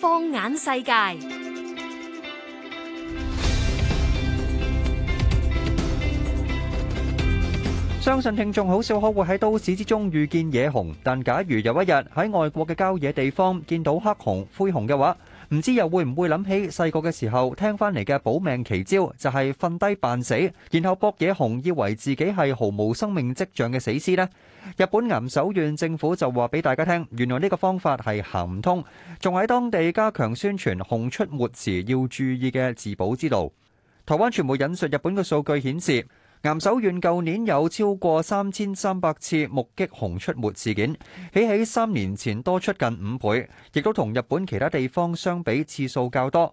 放眼世界，相信聽眾好少可會喺都市之中遇見野熊。但假如有一日喺外國嘅郊野地方見到黑熊、灰熊嘅話，唔知又會唔會諗起細個嘅時候聽翻嚟嘅保命奇招，就係瞓低扮死，然後博野熊以為自己係毫無生命跡象嘅死屍咧。日本岩手縣政府就話俾大家聽，原來呢個方法係行唔通，仲喺當地加強宣傳，熊出沒時要注意嘅自保之道。台灣傳媒引述日本嘅數據顯示，岩手縣舊年有超過三千三百次目擊熊出沒事件，比起三年前多出近五倍，亦都同日本其他地方相比次數較多。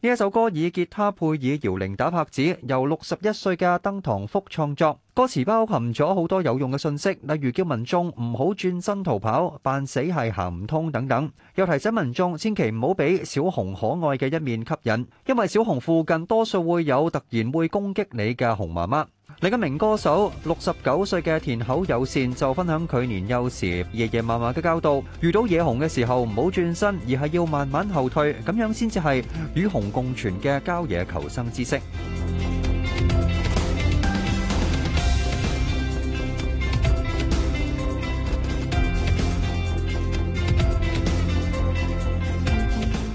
呢一首歌以吉他配以搖鈴打拍子，由六十一歲嘅登堂福創作。歌詞包含咗好多有用嘅信息，例如叫民眾唔好轉身逃跑，扮死係行唔通等等，又提醒民眾千祈唔好俾小熊可愛嘅一面吸引，因為小熊附近多數會有突然會攻擊你嘅熊媽媽。另一名歌手六十九歲嘅田口友善就分享佢年幼時爺爺嫲嫲嘅教導：遇到野熊嘅時候唔好轉身，而係要慢慢後退，咁樣先至係與熊共存嘅郊野求生知識。